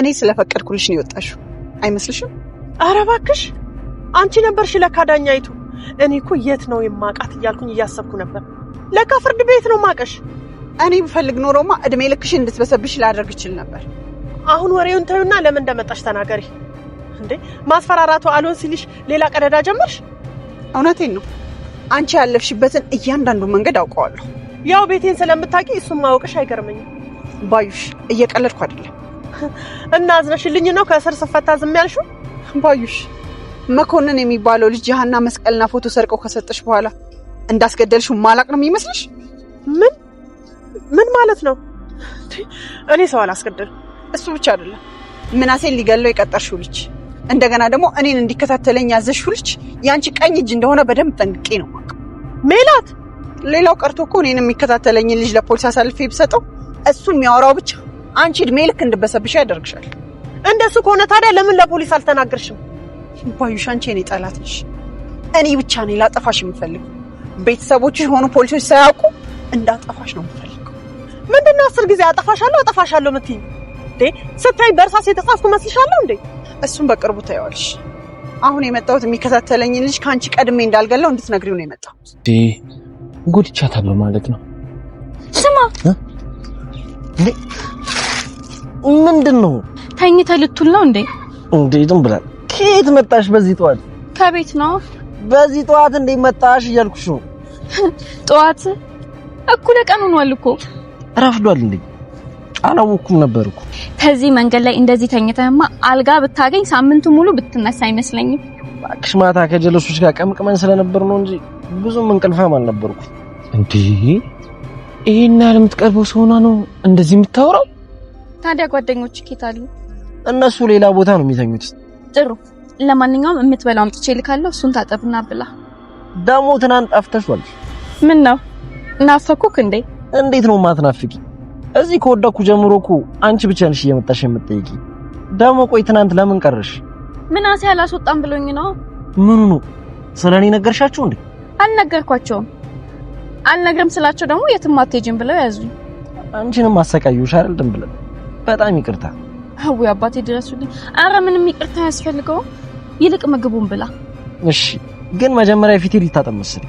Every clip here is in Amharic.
እኔ ስለፈቀድኩልሽ ነው የወጣሽው አይመስልሽም? ኧረ እባክሽ አንቺ ነበርሽ ለካ ዳኛይቱ። እኔ እኮ የት ነው የማውቃት እያልኩኝ እያሰብኩ ነበር። ለካ ፍርድ ቤት ነው ማቀሽ። እኔ ብፈልግ ኖሮማ እድሜ ልክሽ እንድትበሰብሽ ላደርግ ይችል ነበር። አሁን ወሬውን ተዩና ለምን እንደመጣሽ ተናገሪ። እንዴ ማስፈራራቱ አልሆን ሲልሽ ሌላ ቀደዳ ጀመርሽ። እውነቴን ነው። አንቺ ያለፍሽበትን እያንዳንዱ መንገድ አውቀዋለሁ። ያው ቤቴን ስለምታውቂ እሱን ማወቅሽ አይገርመኝም። ባዩሽ፣ እየቀለድኩ አይደለም እና አዝነሽልኝ ነው ከእስር ስፈታ ዝም ያልሽው? ባዩሽ መኮንን የሚባለው ልጅ የሀና መስቀልና ፎቶ ሰርቀው ከሰጠሽ በኋላ እንዳስገደልሽው ማላቅ ነው የሚመስልሽ? ምን ምን ማለት ነው? እኔ ሰው አላስገደልም። እሱ ብቻ አይደለም ምናሴን ሊገለው የቀጠርሽው ልጅ፣ እንደገና ደግሞ እኔን እንዲከታተለኝ ያዘሽው ልጅ የአንቺ ቀኝ እጅ እንደሆነ በደንብ ጠንቅቄ ነው ሜላት። ሌላው ቀርቶ እኮ እኔን የሚከታተለኝን ልጅ ለፖሊስ አሳልፌ ብሰጠው እሱ የሚያወራው ብቻ አንቺ እድሜ ልክ እንድበሰብሽ ያደርግሻል። እንደሱ ከሆነ ታዲያ ለምን ለፖሊስ አልተናገርሽም? ባዩሽ፣ አንቺ እኔ ጠላት ነሽ። እኔ ብቻ ነኝ ላጠፋሽ የምፈልግ። ቤተሰቦችሽ የሆኑ ፖሊሶች ሳያውቁ እንዳጠፋሽ ነው የምፈልገው። ምንድነው አስር ጊዜ አጠፋሻለሁ አጠፋሻለሁ የምትይኝ እንዴ? ስታይ በእርሳስ የተጻፍኩ መስልሻለሁ እንዴ? እሱን በቅርቡ ታየዋለሽ። አሁን የመጣሁት የሚከታተለኝን ልጅ ከአንቺ ቀድሜ እንዳልገለው እንድትነግሪው ነው የመጣሁት። ጉድቻ ማለት ነው። ስማ ምንድን ነው? ተኝተ ልትውል ነው እንዴ? እንዴ ዝም ብለን ከየት መጣሽ በዚህ ጠዋት? ከቤት ነው። በዚህ ጠዋት እንዴ መጣሽ እያልኩሽ ነው። ጠዋት እኩለ ቀን ሆኗል እኮ ረፍዷል። እንዴ አላወኩም ነበር እኮ። ከዚህ መንገድ ላይ እንደዚህ ተኝተህማ አልጋ ብታገኝ ሳምንቱ ሙሉ ብትነሳ አይመስለኝም። እባክሽ ማታ ከጀለሶች ጋር ቀምቅመን ስለነበር ነው እንጂ ብዙም እንቅልፋም አልነበርኩም። እንዴ ይሄን ያህል የምትቀርበው ሰው ነው እንደዚህ የምታወራው? ታዲያ ጓደኞች ኬት አሉ? እነሱ ሌላ ቦታ ነው የሚተኙት። ጥሩ። ለማንኛውም የምትበላው አምጥቼ ልካለሁ። እሱን ታጠብና ብላ። ደሞ ትናንት ጠፍተሻል። ምን ነው ናፈኩክ እንዴ? እንዴት ነው ማትናፍቂ? እዚህ ከወደኩ ጀምሮ እኮ አንቺ ብቻ ነሽ እየመጣሽ የምትጠይቂ። ደሞ ቆይ ትናንት ለምን ቀረሽ? ምናሴ አላስወጣም ብሎኝ ነው። ምኑ ነው? ስለኔ ነገርሻቸው እንዴ? አልነገርኳቸውም። አልነግርም ስላቸው ደግሞ የትም አትሄጂም ብለው ያዙኝ። አንቺንም አሰቃዩሽ አይደል? ብለን? በጣም ይቅርታ። አዎ አባቴ ድረሱልኝ። አረ ምንም ይቅርታ ያስፈልገው፣ ይልቅ ምግቡን ብላ። እሺ፣ ግን መጀመሪያ ፊቴ ልታጠብ መስል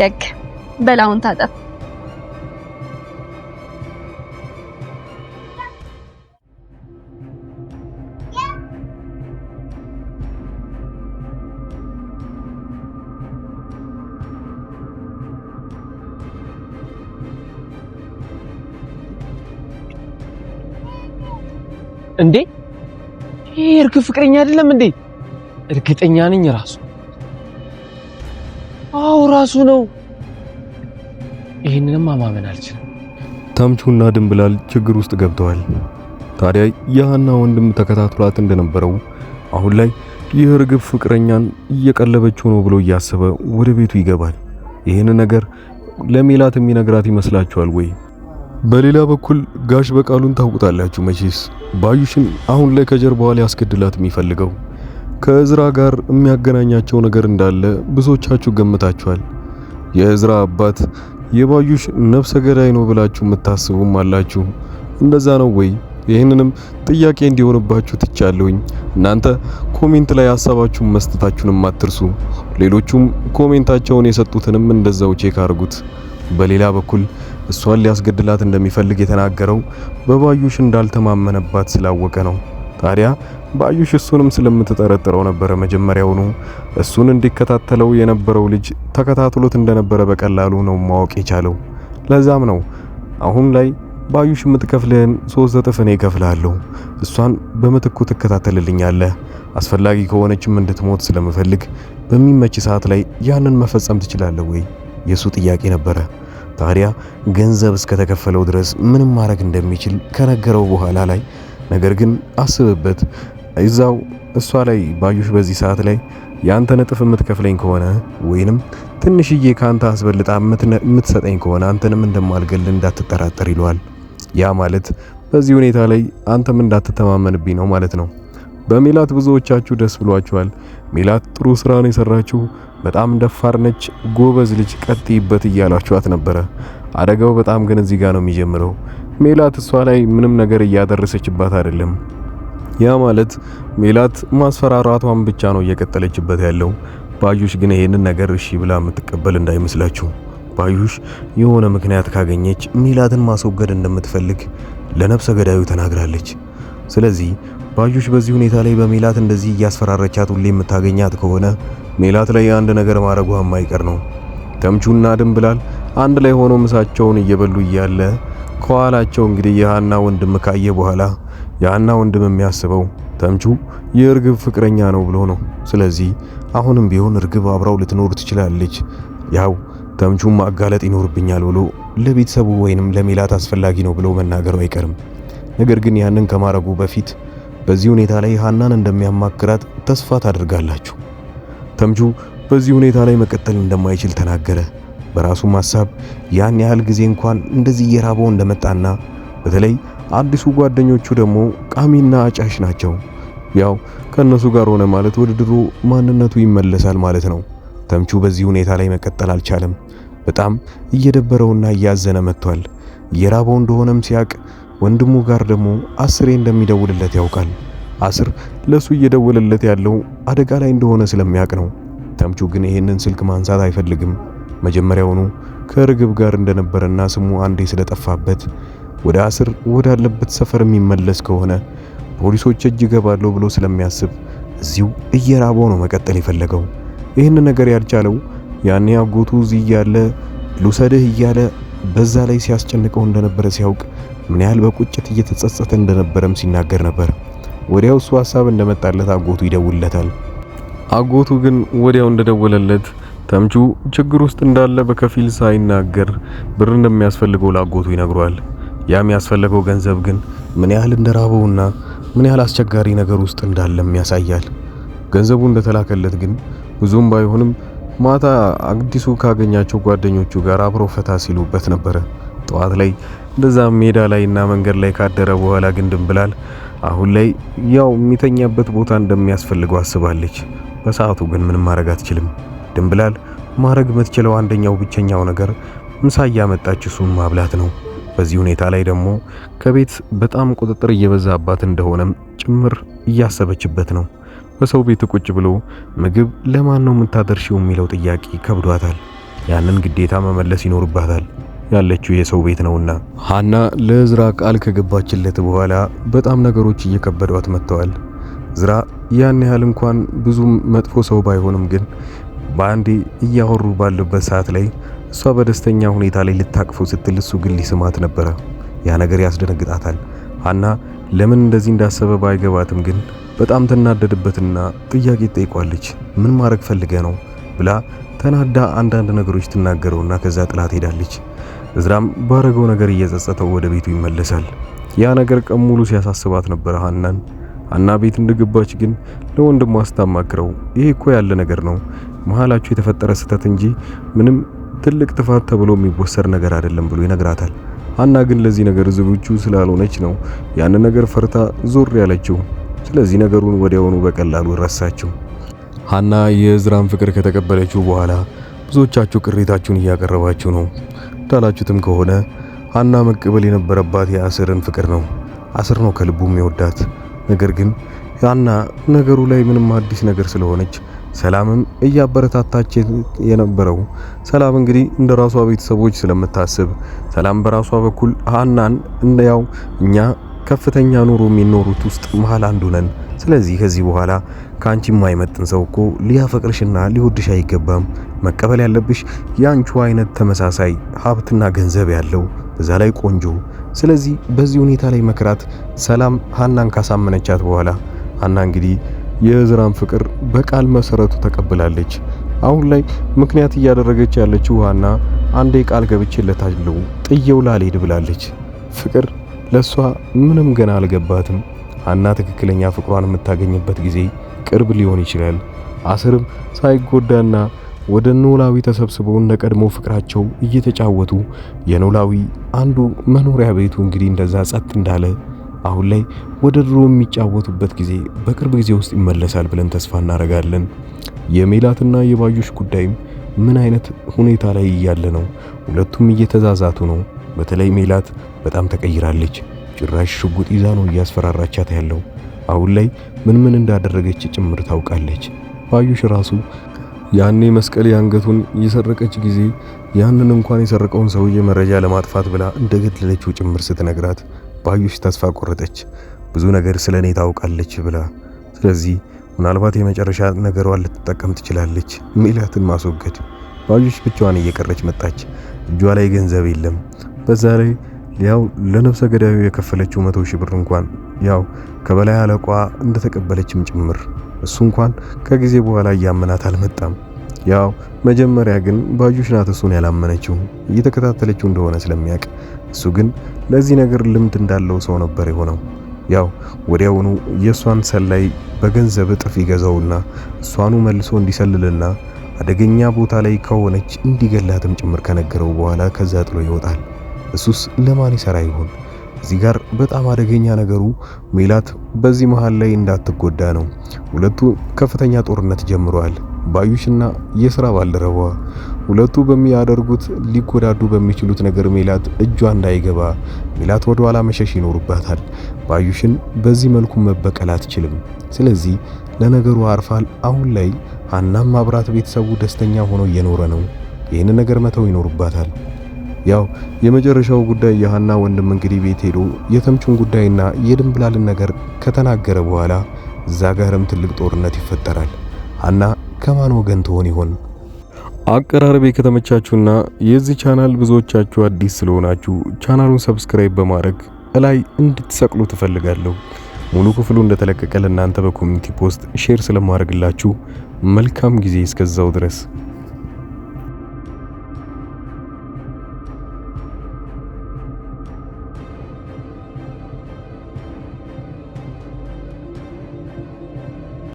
ደግ በላውን ታጠብ እንዴ ይሄ እርግብ ፍቅረኛ አይደለም እንዴ? እርግጠኛ ነኝ ራሱ። አዎ ራሱ ነው። ይህንንም ማመን አልችልም። ታምቹና ድንብላል ችግር ውስጥ ገብተዋል። ታዲያ የሀና ወንድም ተከታትሏት እንደነበረው አሁን ላይ የእርግብ ፍቅረኛን እየቀለበችው ነው ብሎ እያሰበ ወደ ቤቱ ይገባል። ይህን ነገር ለሜላት የሚነግራት ይመስላችኋል ወይ? በሌላ በኩል ጋሽ በቃሉን ታውቁታላችሁ መቼስ። ባዩሽን አሁን ላይ ከጀርባዋ ሊያስገድላት የሚፈልገው ከእዝራ ጋር የሚያገናኛቸው ነገር እንዳለ ብዙዎቻችሁ ገምታችኋል። የእዝራ አባት የባዩሽ ነፍሰ ገዳይ ነው ብላችሁ የምታስቡም አላችሁ። እንደዛ ነው ወይ? ይህንንም ጥያቄ እንዲሆንባችሁ ትቻለሁኝ። እናንተ ኮሜንት ላይ ሀሳባችሁን መስጠታችሁንም አትርሱ። ሌሎቹም ኮሜንታቸውን የሰጡትንም እንደዛው ቼክ አድርጉት። በሌላ በኩል እሷን ሊያስገድላት እንደሚፈልግ የተናገረው በባዩሽ እንዳልተማመነባት ስላወቀ ነው። ታዲያ ባዩሽ እሱንም ስለምትጠረጥረው ነበረ። መጀመሪያውኑ እሱን እንዲከታተለው የነበረው ልጅ ተከታትሎት እንደነበረ በቀላሉ ነው ማወቅ የቻለው። ለዛም ነው አሁን ላይ ባዩሽ የምትከፍልህን ሶስት እጥፍ እኔ እከፍልሃለሁ፣ እሷን በምትኩ ትከታተልልኛለህ። አስፈላጊ ከሆነችም እንድትሞት ስለምፈልግ በሚመች ሰዓት ላይ ያንን መፈጸም ትችላለህ ወይ? የሱ ጥያቄ ነበረ። ታዲያ ገንዘብ እስከተከፈለው ድረስ ምንም ማድረግ እንደሚችል ከነገረው በኋላ ላይ ነገር ግን አስብበት እዛው እሷ ላይ ባዩሽ በዚህ ሰዓት ላይ የአንተ ነጥፍ የምትከፍለኝ ከሆነ ወይንም ትንሽዬ ከአንተ አስበልጣ የምትሰጠኝ ከሆነ አንተንም እንደማልገል እንዳትጠራጠር ይለዋል። ያ ማለት በዚህ ሁኔታ ላይ አንተም እንዳትተማመንብኝ ነው ማለት ነው። በሜላት ብዙዎቻችሁ ደስ ብሏችኋል። ሚላት ጥሩ ስራ ነው የሰራችው፣ በጣም ደፋር ነች፣ ጎበዝ ልጅ ቀጥይበት እያላችኋት ነበረ። አደጋው በጣም ግን እዚህ ጋር ነው የሚጀምረው። ሜላት እሷ ላይ ምንም ነገር እያደረሰችባት አይደለም። ያ ማለት ሜላት ማስፈራራቷን ብቻ ነው እየቀጠለችበት ያለው። ባዩሽ ግን ይሄንን ነገር እሺ ብላ የምትቀበል እንዳይመስላችሁ። ባዩሽ የሆነ ምክንያት ካገኘች ሚላትን ማስወገድ እንደምትፈልግ ለነፍሰ ገዳዩ ተናግራለች። ስለዚህ ባዩሽ በዚህ ሁኔታ ላይ በሜላት እንደዚህ እያስፈራረቻት ሁሌ የምታገኛት ከሆነ ሜላት ላይ አንድ ነገር ማድረጓ የማይቀር ነው። ተምቹና ድንብላል አንድ ላይ ሆኖ ምሳቸውን እየበሉ እያለ ከኋላቸው እንግዲህ የሃና ወንድም ካየ በኋላ የሃና ወንድም የሚያስበው ተምቹ የእርግብ ፍቅረኛ ነው ብሎ ነው። ስለዚህ አሁንም ቢሆን እርግብ አብራው ልትኖር ትችላለች፣ ያው ተምቹን ማጋለጥ ይኖርብኛል ብሎ ለቤተሰቡ ወይንም ለሜላት አስፈላጊ ነው ብሎ መናገሩ አይቀርም። ነገር ግን ያንን ከማረጉ በፊት በዚህ ሁኔታ ላይ ሃናን እንደሚያማክራት ተስፋ ታደርጋላችሁ። ተምቹ በዚህ ሁኔታ ላይ መቀጠል እንደማይችል ተናገረ። በራሱም ሐሳብ ያን ያህል ጊዜ እንኳን እንደዚህ እየራበው እንደመጣና በተለይ አዲሱ ጓደኞቹ ደግሞ ቃሚና አጫሽ ናቸው። ያው ከነሱ ጋር ሆነ ማለት ወደ ድሮ ማንነቱ ይመለሳል ማለት ነው። ተምቹ በዚህ ሁኔታ ላይ መቀጠል አልቻለም። በጣም እየደበረውና እያዘነ መጥቷል። እየራበው እንደሆነም ሲያቅ ወንድሙ ጋር ደግሞ አስሬ እንደሚደውልለት ያውቃል። አስር ለሱ እየደወለለት ያለው አደጋ ላይ እንደሆነ ስለሚያውቅ ነው። ተምቹ ግን ይሄንን ስልክ ማንሳት አይፈልግም። መጀመሪያውኑ ከርግብ ጋር እንደነበረና ስሙ አንዴ ስለጠፋበት ወደ አስር ወዳለበት ሰፈር የሚመለስ ከሆነ ፖሊሶች እጅ ገባለሁ ብሎ ስለሚያስብ እዚሁ እየራበው ነው መቀጠል የፈለገው። ይህን ነገር ያልቻለው ያኔ አጎቱ እዚህ እያለ ልውሰድህ እያለ በዛ ላይ ሲያስጨንቀው እንደነበረ ሲያውቅ ምን ያህል በቁጭት እየተጸጸተ እንደነበረም ሲናገር ነበር። ወዲያው እሱ ሀሳብ እንደመጣለት አጎቱ ይደውልለታል። አጎቱ ግን ወዲያው እንደደወለለት ተምቹ ችግር ውስጥ እንዳለ በከፊል ሳይናገር ብር እንደሚያስፈልገው ለአጎቱ ይነግሯል። ያም ያስፈለገው ገንዘብ ግን ምን ያህል እንደራበውና ምን ያህል አስቸጋሪ ነገር ውስጥ እንዳለም ያሳያል። ገንዘቡ እንደተላከለት ግን ብዙም ባይሆንም ማታ አዲሱ ካገኛቸው ጓደኞቹ ጋር አብረው ፈታ ሲሉበት ነበረ። ጠዋት ላይ እንደዛም ሜዳ ላይ እና መንገድ ላይ ካደረ በኋላ ግን ድንብላል አሁን ላይ ያው የሚተኛበት ቦታ እንደሚያስፈልገው አስባለች። በሰዓቱ ግን ምንም ማድረግ አትችልም። ድንብላል ማድረግ የምትችለው አንደኛው ብቸኛው ነገር ምሳ እያመጣች እሱን ማብላት ነው። በዚህ ሁኔታ ላይ ደግሞ ከቤት በጣም ቁጥጥር እየበዛባት እንደሆነም ጭምር እያሰበችበት ነው። በሰው ቤት ቁጭ ብሎ ምግብ ለማን ነው የምታደርሽው የሚለው ጥያቄ ከብዷታል። ያንን ግዴታ መመለስ ይኖርባታል። ያለችው የሰው ቤት ነውና። ሀና ለዝራ ቃል ከገባችለት በኋላ በጣም ነገሮች እየከበዷት መጥተዋል። ዝራ ያን ያህል እንኳን ብዙም መጥፎ ሰው ባይሆንም ግን በአንዴ እያወሩ ባለበት ሰዓት ላይ እሷ በደስተኛ ሁኔታ ላይ ልታቅፈው ስትል እሱ ግን ሊስማት ነበረ። ያ ነገር ያስደነግጣታል። ሀና ለምን እንደዚህ እንዳሰበ ባይገባትም ግን በጣም ትናደድበትና ጥያቄ ትጠይቋለች። ምን ማድረግ ፈልገ ነው ብላ ተናዳ አንዳንድ ነገሮች ትናገረውና ከዛ ጥላት ሄዳለች። እዝራም ባረገው ነገር እየጸጸተው ወደ ቤቱ ይመለሳል። ያ ነገር ቀን ሙሉ ሲያሳስባት ነበር ሀናን። ሀና ቤት እንደገባች ግን ለወንድሟ ስታማክረው ይሄ እኮ ያለ ነገር ነው፣ መሀላችሁ የተፈጠረ ስህተት እንጂ ምንም ትልቅ ጥፋት ተብሎ የሚወሰድ ነገር አይደለም ብሎ ይነግራታል። ሀና ግን ለዚህ ነገር ዝግጁ ስላልሆነች ነው ያን ነገር ፈርታ ዞር ያለችው። ስለዚህ ነገሩን ወዲያውኑ በቀላሉ ረሳችው። ሀና የእዝራን ፍቅር ከተቀበለችው በኋላ ብዙዎቻችሁ ቅሬታችሁን እያቀረባችሁ ነው የተጣላችሁትም ከሆነ ሀና መቀበል የነበረባት የአስርን ፍቅር ነው። አስር ነው ከልቡም የወዳት። ነገር ግን ሀና ነገሩ ላይ ምንም አዲስ ነገር ስለሆነች ሰላምም እያበረታታች የነበረው ሰላም እንግዲህ እንደ ራሷ ቤተሰቦች ስለምታስብ ሰላም በራሷ በኩል ሀናን እንደያው እኛ ከፍተኛ ኑሮ የሚኖሩት ውስጥ መሀል አንዱ ነን ስለዚህ ከዚህ በኋላ ከአንቺ የማይመጥን ሰው እኮ ሊያፈቅርሽና ሊወድሽ አይገባም። መቀበል ያለብሽ የአንቺ አይነት ተመሳሳይ ሀብትና ገንዘብ ያለው በዛ ላይ ቆንጆ። ስለዚህ በዚህ ሁኔታ ላይ መክራት ሰላም ሀናን ካሳመነቻት በኋላ ሀና እንግዲህ የእዝራን ፍቅር በቃል መሰረቱ ተቀብላለች። አሁን ላይ ምክንያት እያደረገች ያለችው ሀና አንዴ ቃል ገብቼለታለሁ ጥየው ላልሄድ ብላለች። ፍቅር ለሷ ምንም ገና አልገባትም። ሀና ትክክለኛ ፍቅሯን የምታገኝበት ጊዜ ቅርብ ሊሆን ይችላል። አስርም ሳይጎዳና ወደ ኖላዊ ተሰብስበው እንደ ቀድሞ ፍቅራቸው እየተጫወቱ የኖላዊ አንዱ መኖሪያ ቤቱ እንግዲህ እንደዛ ጸጥ እንዳለ አሁን ላይ ወደ ድሮ የሚጫወቱበት ጊዜ በቅርብ ጊዜ ውስጥ ይመለሳል ብለን ተስፋ እናደርጋለን። የሜላትና የባዩሽ ጉዳይም ምን አይነት ሁኔታ ላይ እያለ ነው? ሁለቱም እየተዛዛቱ ነው። በተለይ ሜላት በጣም ተቀይራለች። ጭራሽ ሽጉጥ ይዛ ነው እያስፈራራቻት ያለው። አሁን ላይ ምን ምን እንዳደረገች ጭምር ታውቃለች። ባዩሽ ራሱ ያኔ መስቀል ያንገቱን የሰረቀች ጊዜ ያንን እንኳን የሰረቀውን ሰውዬ መረጃ ለማጥፋት ብላ እንደገደለችው ጭምር ስትነግራት ባዩሽ ተስፋ ቆረጠች። ብዙ ነገር ስለ እኔ ታውቃለች ብላ ስለዚህ ምናልባት የመጨረሻ ነገሯን ልትጠቀም ትችላለች ሚላትን ማስወገድ። ባዩሽ ብቻዋን እየቀረች መጣች። እጇ ላይ ገንዘብ የለም። በዛ ላይ ያው ለነፍሰ ገዳዩ የከፈለችው መቶ ሺህ ብር እንኳን ያው ከበላይ አለቋ እንደተቀበለችም ጭምር እሱ እንኳን ከጊዜ በኋላ እያመናት አልመጣም። ያው መጀመሪያ ግን ባዩሽ ናት እሱን ያላመነችው እየተከታተለችው እንደሆነ ስለሚያውቅ፣ እሱ ግን ለዚህ ነገር ልምድ እንዳለው ሰው ነበር የሆነው። ያው ወዲያውኑ የእሷን ሰላይ በገንዘብ እጥፍ ይገዛውና እሷኑ መልሶ እንዲሰልልና አደገኛ ቦታ ላይ ከሆነች እንዲገላትም ጭምር ከነገረው በኋላ ከዛ ጥሎ ይወጣል። እሱስ ለማን ይሰራ ይሆን? እዚህ ጋር በጣም አደገኛ ነገሩ ሜላት በዚህ መሃል ላይ እንዳትጎዳ ነው። ሁለቱ ከፍተኛ ጦርነት ጀምሯል ባዩሽና የስራ ባልደረባ ሁለቱ በሚያደርጉት ሊጎዳዱ በሚችሉት ነገር ሜላት እጇ እንዳይገባ ሜላት ወደ ኋላ መሸሽ ይኖርባታል። ባዩሽን በዚህ መልኩ መበቀል አትችልም። ስለዚህ ለነገሩ አርፋል። አሁን ላይ ሀናም አብራት ቤተሰቡ ደስተኛ ሆኖ እየኖረ ነው። ይህን ነገር መተው ይኖርባታል። ያው የመጨረሻው ጉዳይ የሀና ወንድም እንግዲህ ቤት ሄዶ የተምቹን ጉዳይና የድንብላልን ነገር ከተናገረ በኋላ እዛ ጋርም ትልቅ ጦርነት ይፈጠራል። ሀና ከማን ወገን ትሆን ይሆን? አቀራረቤ ከተመቻችሁና የዚህ ቻናል ብዙዎቻችሁ አዲስ ስለሆናችሁ ቻናሉን ሰብስክራይብ በማድረግ እላይ እንድትሰቅሉ ትፈልጋለሁ። ሙሉ ክፍሉ እንደተለቀቀ ለእናንተ በኮሚኒቲ ፖስት ሼር ስለማድረግላችሁ መልካም ጊዜ እስከዛው ድረስ